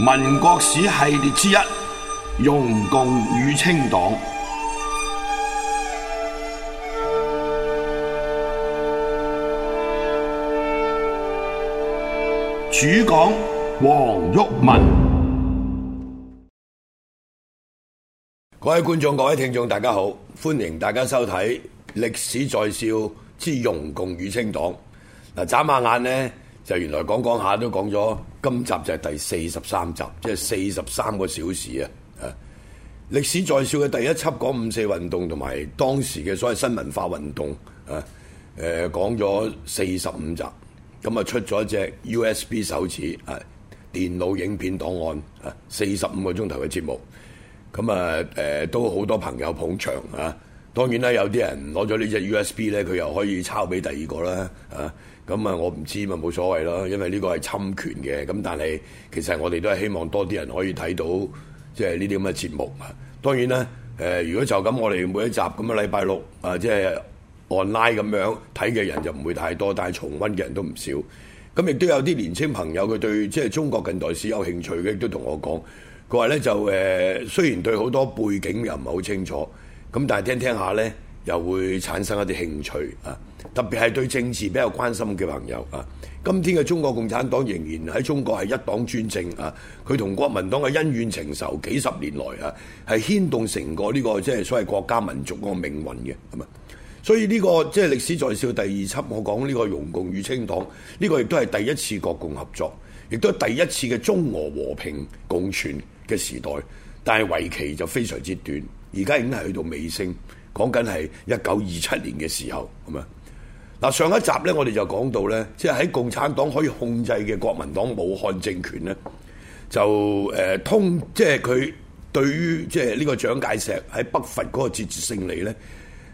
民國史系列之一《容共與清黨》主講，主講黃毓民。各位觀眾、各位聽眾，大家好，歡迎大家收睇《歷史在笑之容共與清黨》。眨下眼呢，就原來講講下都講咗，今集就係第四十三集，即係四十三個小時啊！歷史在笑嘅第一輯講五四運動同埋當時嘅所謂新文化運動啊，誒、啊、講咗四十五集，咁啊出咗一隻 USB 手指啊，電腦影片檔案啊，四十五個鐘頭嘅節目，咁啊誒、啊啊、都好多朋友捧場啊！當然啦，有啲人攞咗呢隻 USB 咧，佢又可以抄俾第二個啦啊！咁啊，我唔知嘛，冇所謂咯。因為呢個係侵權嘅，咁但係其實我哋都係希望多啲人可以睇到，即係呢啲咁嘅節目啊。當然啦，誒如果就咁，我哋每一集咁嘅禮拜六啊，即係按拉咁樣睇嘅人就唔會太多，但係重溫嘅人都唔少。咁亦都有啲年青朋友佢對即係中國近代史有興趣嘅，亦都同我講，佢話咧就誒，雖然對好多背景又唔係好清楚，咁但係聽聽下咧，又會產生一啲興趣啊。特別係對政治比較關心嘅朋友啊，今天嘅中國共產黨仍然喺中國係一黨專政啊，佢同國民黨嘅恩怨情仇幾十年來啊，係牽動成、這個呢個即係所謂國家民族嗰個命運嘅咁啊。所以呢、這個即係、就是、歷史在笑第二輯，我講呢個容共與清黨，呢、這個亦都係第一次國共合作，亦都係第一次嘅中俄和平共存嘅時代，但係為期就非常之短，而家已經係去到尾聲，講緊係一九二七年嘅時候咁啊。嗱，上一集咧，我哋就講到咧，即係喺共產黨可以控制嘅國民黨武漢政權咧，就、呃、通，即係佢對於即係呢個蔣介石喺北伐嗰個節節勝利咧、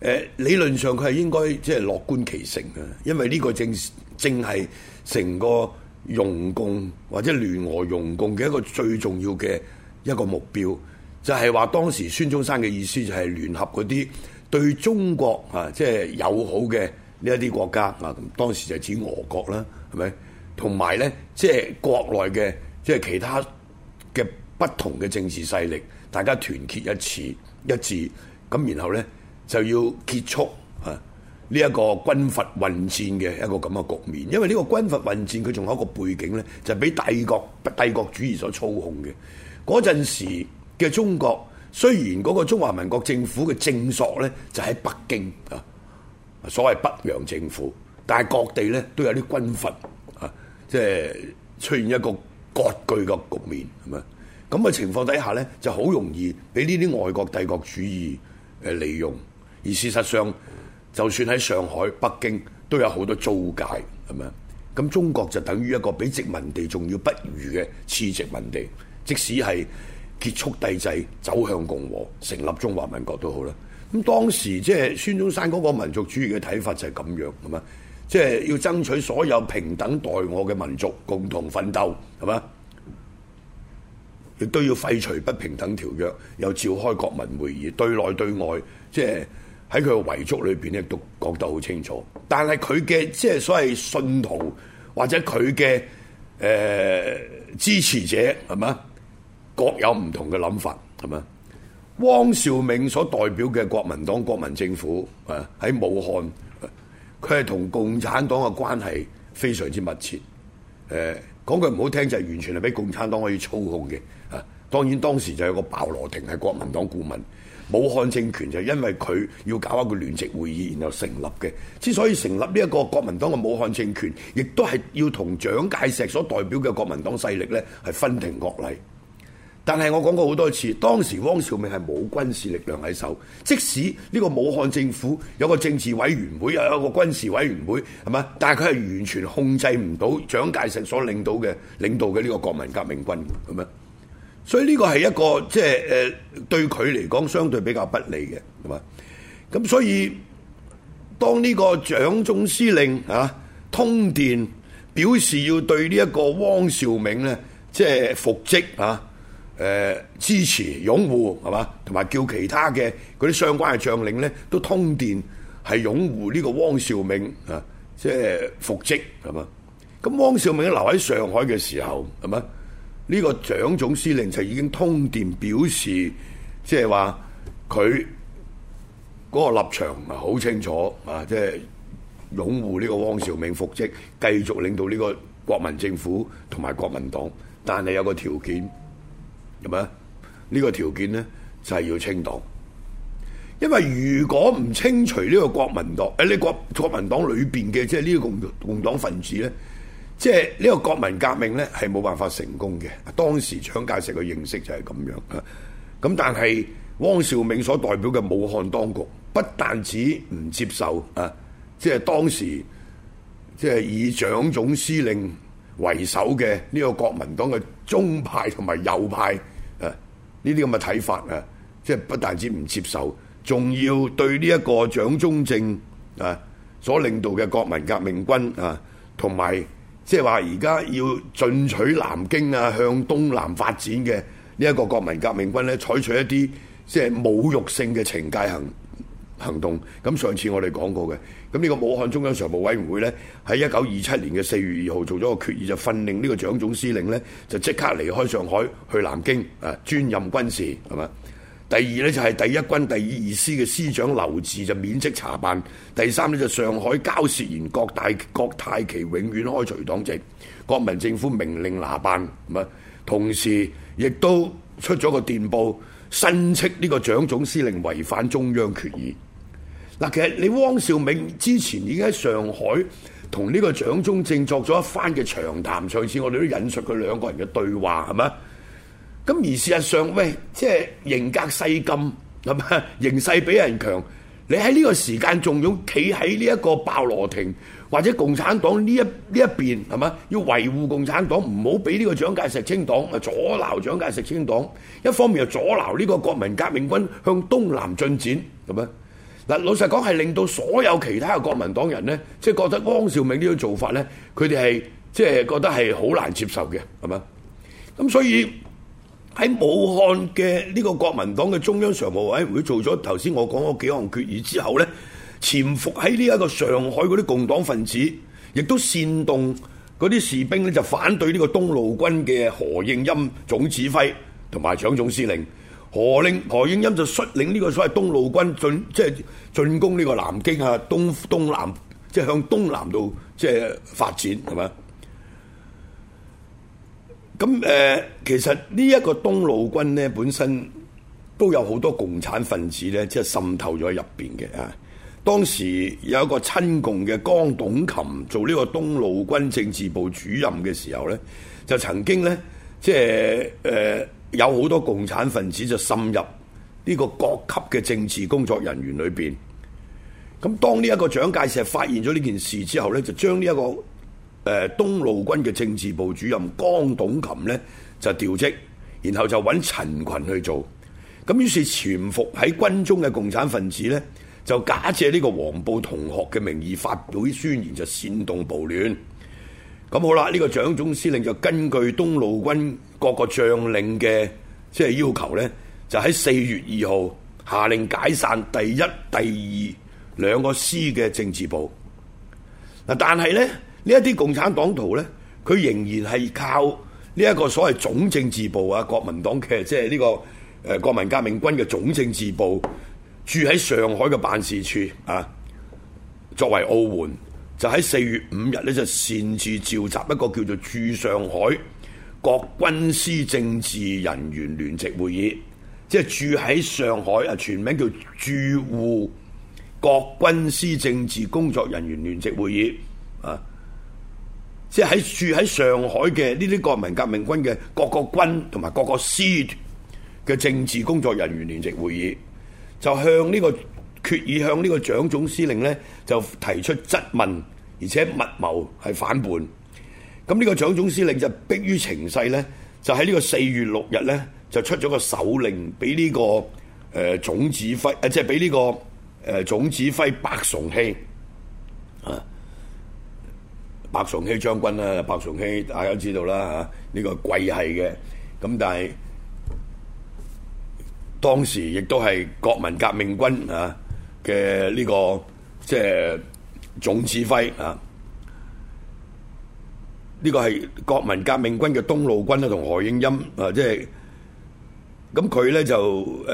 呃，理論上佢係應該即係、就是、樂觀其成，因為呢個正正係成個容共或者聯合容共嘅一個最重要嘅一個目標，就係、是、話當時孫中山嘅意思就係聯合嗰啲對中國啊即係、就是、友好嘅。呢一啲國家啊，當時就指俄國啦，係咪？同埋咧，即係國內嘅，即係其他嘅不同嘅政治勢力，大家團結一次，一致。咁，然後咧就要結束啊呢一個軍閥混戰嘅一個咁嘅局面。因為呢個軍閥混戰，佢仲有一個背景咧，就係俾帝國帝國主義所操控嘅。嗰陣時嘅中國，雖然嗰個中華民國政府嘅正朔咧就喺北京啊。所謂北洋政府，但係各地咧都有啲軍閥，啊，即係出現一個割據嘅局面，係咪？咁嘅情況底下咧，就好容易俾呢啲外國帝國主義嘅利用。而事實上，就算喺上海、北京都有好多租界，係咪？咁中國就等於一個比殖民地仲要不如嘅次殖民地。即使係結束帝制，走向共和，成立中華民國都好啦。咁當時即係孫中山嗰個民族主義嘅睇法就係咁樣㗎嘛，即係、就是、要爭取所有平等待我嘅民族共同奮鬥係嘛，亦都要廢除不平等條約，又召開國民會議，對內對外，即係喺佢嘅遺囑裏邊咧都講得好清楚。但係佢嘅即係所謂信徒或者佢嘅誒支持者係嘛，各有唔同嘅諗法係嘛。汪兆銘所代表嘅國民黨國民政府，啊喺武漢，佢係同共產黨嘅關係非常之密切。誒講句唔好聽就係完全係俾共產黨可以操控嘅。啊，當然當時就有一個鮑羅廷係國民黨顧問，武漢政權就因為佢要搞一個聯席會議，然後成立嘅。之所以成立呢一個國民黨嘅武漢政權，亦都係要同蔣介石所代表嘅國民黨勢力咧係分庭抗禮。但係我講過好多次，當時汪兆銘係冇軍事力量喺手，即使呢個武漢政府有個政治委員會，又有個軍事委員會，係嘛？但係佢係完全控制唔到蔣介石所領導嘅、領導嘅呢個國民革命軍咁樣，所以呢個係一個即係誒對佢嚟講相對比較不利嘅，係嘛？咁所以當呢個蔣總司令啊通電表示要對呢一個汪兆銘呢，即係復職啊！誒、呃、支持擁護係嘛？同埋叫其他嘅嗰啲相關嘅將領咧都通電係擁護呢個汪兆銘啊，即係復職係嘛。咁汪兆銘留喺上海嘅時候係嘛，呢、呢個蔣總司令就已經通電表示，即係話佢嗰個立場唔係好清楚啊，即係擁護呢個汪兆銘復職，繼續領導呢個國民政府同埋國民黨，但係有個條件。有咩？呢個條件呢，就係要清黨，因為如果唔清除呢個國民黨，誒，呢國國民黨裏邊嘅即係呢個共共黨分子呢，即係呢個國民革命呢，係冇辦法成功嘅。當時蔣介石嘅認識就係咁樣啊。咁但係汪兆銘所代表嘅武漢當局不但止唔接受啊，即係當時即係以蔣總司令為首嘅呢個國民黨嘅中派同埋右派。呢啲咁嘅睇法啊，即、就、係、是、不但止唔接受，仲要對呢一個蔣中正啊所領導嘅國民革命軍啊，同埋即係話而家要進取南京啊，向東南發展嘅呢一個國民革命軍咧，採取一啲即係侮辱性嘅懲戒行行動。咁上次我哋講過嘅，咁呢個武漢中央常務委員會呢，喺一九二七年嘅四月二號做咗個決議，就訓令呢個蔣總司令呢，就即刻離開上海去南京，啊專任軍事係嘛。第二呢，就係、是、第一軍第二二師嘅師長劉峙就免職查辦。第三呢，就是、上海交涉員郭大郭泰祺永遠開除黨籍，國民政府命令拿辦。同時亦都出咗個電報，申斥呢個蔣總司令違反中央決議。嗱，其實你汪兆銘之前已經喺上海同呢個蔣中正作咗一番嘅長談，上次我哋都引述佢兩個人嘅對話，係嘛？咁而事實上，喂，即係形格勢禁，係嘛？形勢比人強，你喺呢個時間仲要企喺呢一個鮑羅廷，或者共產黨呢一呢一邊，係嘛？要維護共產黨，唔好俾呢個蔣介石清黨，啊阻撓蔣介石清黨，一方面又阻撓呢個國民革命軍向東南進展，係咪？嗱，老實講係令到所有其他嘅國民黨人呢，即係覺得汪兆銘呢種做法呢，佢哋係即係覺得係好難接受嘅，係咪？咁所以喺武漢嘅呢個國民黨嘅中央常務委員會做咗頭先我講嗰幾項決議之後呢，潛伏喺呢一個上海嗰啲共黨分子，亦都煽動嗰啲士兵呢，就反對呢個東路軍嘅何應欽總指揮同埋蔣總司令。何令何應欽就率領呢個所謂東路軍進，即係、就是、進攻呢個南京啊，東東南即係、就是、向東南度即係發展係嘛？咁誒、呃，其實呢一個東路軍咧本身都有好多共產分子咧，即、就、係、是、滲透咗喺入邊嘅啊！當時有一個親共嘅江董琴做呢個東路軍政治部主任嘅時候咧，就曾經咧即係誒。就是呃有好多共產分子就滲入呢個各級嘅政治工作人員裏面。咁當呢一個蔣介石發現咗呢件事之後呢就將呢一個誒、呃、東路軍嘅政治部主任江董琴呢就調職，然後就搵陳群去做。咁於是潛伏喺軍中嘅共產分子呢，就假借呢個黃埔同學嘅名義發表宣言，就煽動暴亂。咁好啦，呢、這個蔣總司令就根據東路軍各個將領嘅即係要求呢，就喺四月二號下令解散第一、第二兩個師嘅政、政治部。但係呢，呢一啲共產黨徒呢，佢仍然係靠呢一個所謂總政治部啊，國民黨嘅即係呢個誒國民革命軍嘅總政治部駐喺上海嘅辦事處啊，作為奧援就喺四月五日咧，就擅自召集一個叫做駐上海各軍師政治人員聯席會議，即係駐喺上海啊，全名叫駐滬各軍師政治工作人員聯席會議啊，即係喺駐喺上海嘅呢啲國民革命軍嘅各個軍同埋各個師嘅政治工作人員聯席會議，就向呢、這個。決意向呢個蔣總司令咧就提出質問，而且密謀係反叛。咁呢個蔣總司令就迫於情勢咧，就喺呢個四月六日咧就出咗個手令，俾呢個誒總指揮，即係俾呢個誒總指揮白崇禧啊，白崇禧將軍啦，白崇禧大家知道啦嚇，呢個桂系嘅，咁但係當時亦都係國民革命軍啊。嘅呢、這個即係總指揮啊，呢、這個係國民革命軍嘅東路軍和音啊，同何應欽啊，即係咁佢咧就誒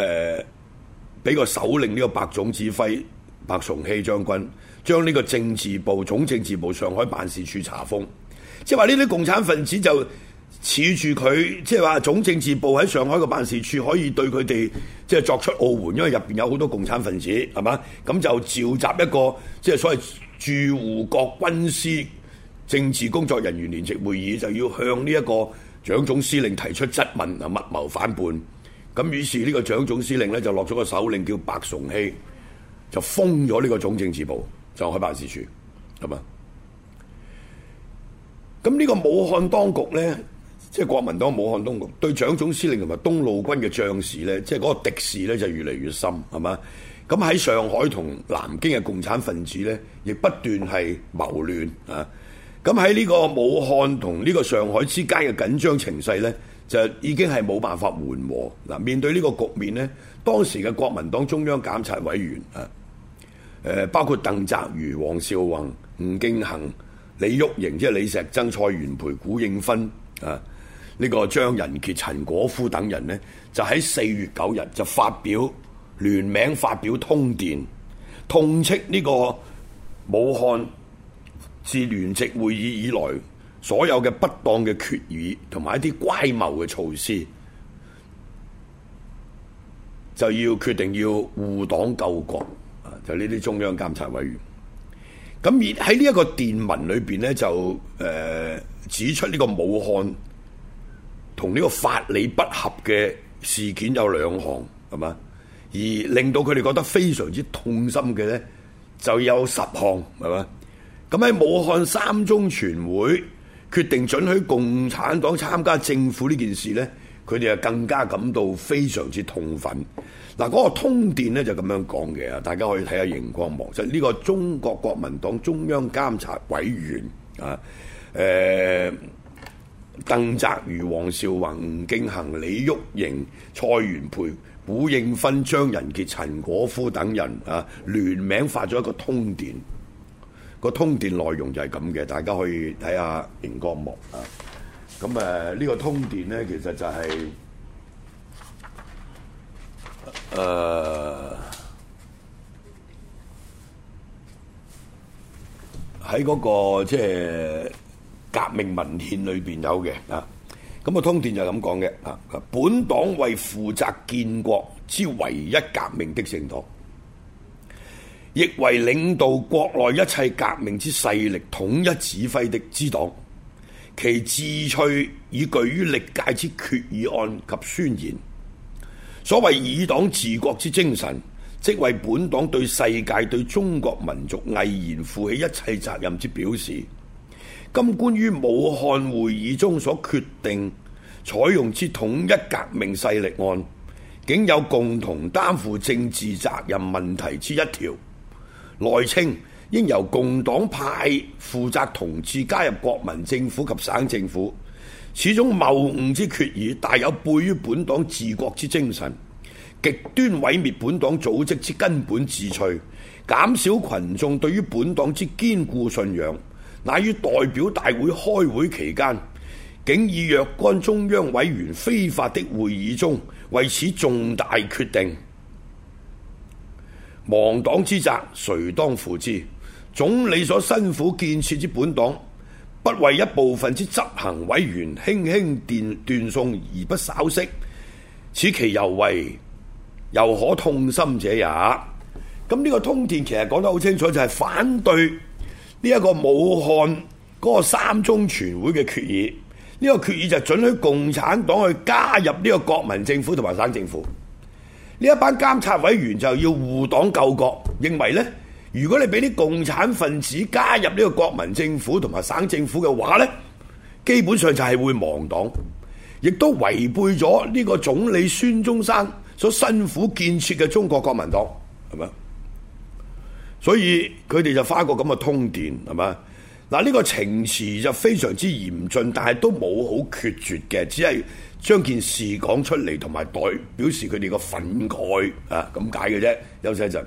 俾、呃、個首領呢個白總指揮白崇禧將軍將呢個政治部、總政治部上海辦事處查封，即係話呢啲共產分子就。恃住佢即係話總政治部喺上海嘅辦事處可以對佢哋即係作出奧援，因為入邊有好多共產分子，係嘛？咁就召集一個即係所謂駐滬各軍師政治工作人員聯席會議，就要向呢一個蔣總司令提出質問，係密謀反叛。咁於是呢個蔣總司令呢，就落咗個手令，叫白崇禧就封咗呢個總政治部上海辦事處，係嘛？咁呢個武漢當局呢。即係國民黨武漢東局對蔣總司令同埋東路軍嘅將士呢，即係嗰個敵視咧，就越嚟越深，係嘛？咁喺上海同南京嘅共產分子呢，亦不斷係謀亂啊！咁喺呢個武漢同呢個上海之間嘅緊張情勢呢，就已經係冇辦法緩和嗱。面對呢個局面呢，當時嘅國民黨中央監察委員啊，包括鄧澤如、黃紹竑、吳敬恆、李煜瀛，即係李石曾、蔡元培、古應芬啊。呢個張人傑、陳果夫等人呢，就喺四月九日就發表聯名發表通電，痛斥呢個武漢自聯席會議以來所有嘅不當嘅決議，同埋一啲乖謀嘅措施，就要決定要護黨救國啊！就呢啲中央監察委員。咁而喺呢一個電文裏邊呢，就誒、呃、指出呢個武漢。同呢個法理不合嘅事件有兩項，係嘛？而令到佢哋覺得非常之痛心嘅呢，就有十項，係嘛？咁喺武漢三中全會決定准許共產黨參加政府呢件事呢，佢哋啊更加感到非常之痛憤。嗱，嗰個通電呢就咁樣講嘅啊，大家可以睇下熒光幕，就呢個中國國民黨中央監察委員啊，誒、呃。鄧澤如、黃紹竑、吳敬恆、李煜瀛、蔡元培、古應芬、張人傑、陳果夫等人啊，聯名發咗一個通電。個通電內容就係咁嘅，大家可以睇下熒光幕啊。咁啊，呢、呢個通電呢，其實就係誒喺嗰個即係。就是革命文獻裏邊有嘅啊，咁啊通電就咁講嘅啊，本黨為負責建國之唯一革命的政黨，亦為領導國內一切革命之勢力統一指揮的之黨，其志趣已具於歷屆之決議案及宣言。所謂以黨治國之精神，即為本黨對世界對中國民族毅然負起一切責任之表示。今關於武漢會議中所決定採用之統一革命勢力案，竟有共同擔負政治責任問題之一條，內稱應由共黨派負責同志加入國民政府及省政府，此種謬誤之決議，大有背於本黨治國之精神，極端毀滅本黨組織之根本自取，減少群眾對於本黨之堅固信仰。乃於代表大會開會期間，竟以若干中央委員非法的會議中，為此重大決定，亡黨之責誰當負之？總理所辛苦建設之本黨，不為一部分之執行委員輕輕斷送而不稍息，此其尤為，又可痛心者也。咁、這、呢個通電其實講得好清楚，就係、是、反對。呢一個武漢嗰個三中全會嘅決議，呢個決議就准許共產黨去加入呢個國民政府同埋省政府。呢一班監察委員就要護黨救國，認為呢，如果你俾啲共產分子加入呢個國民政府同埋省政府嘅話呢，基本上就係會亡黨，亦都違背咗呢個總理孫中山所辛苦建設嘅中國國民黨，係所以佢哋就發個咁嘅通電，係咪？嗱，呢、這個情辭就非常之嚴峻，但係都冇好決絕嘅，只係將件事講出嚟，同埋代表示佢哋個憤慨啊咁解嘅啫。休息一陣。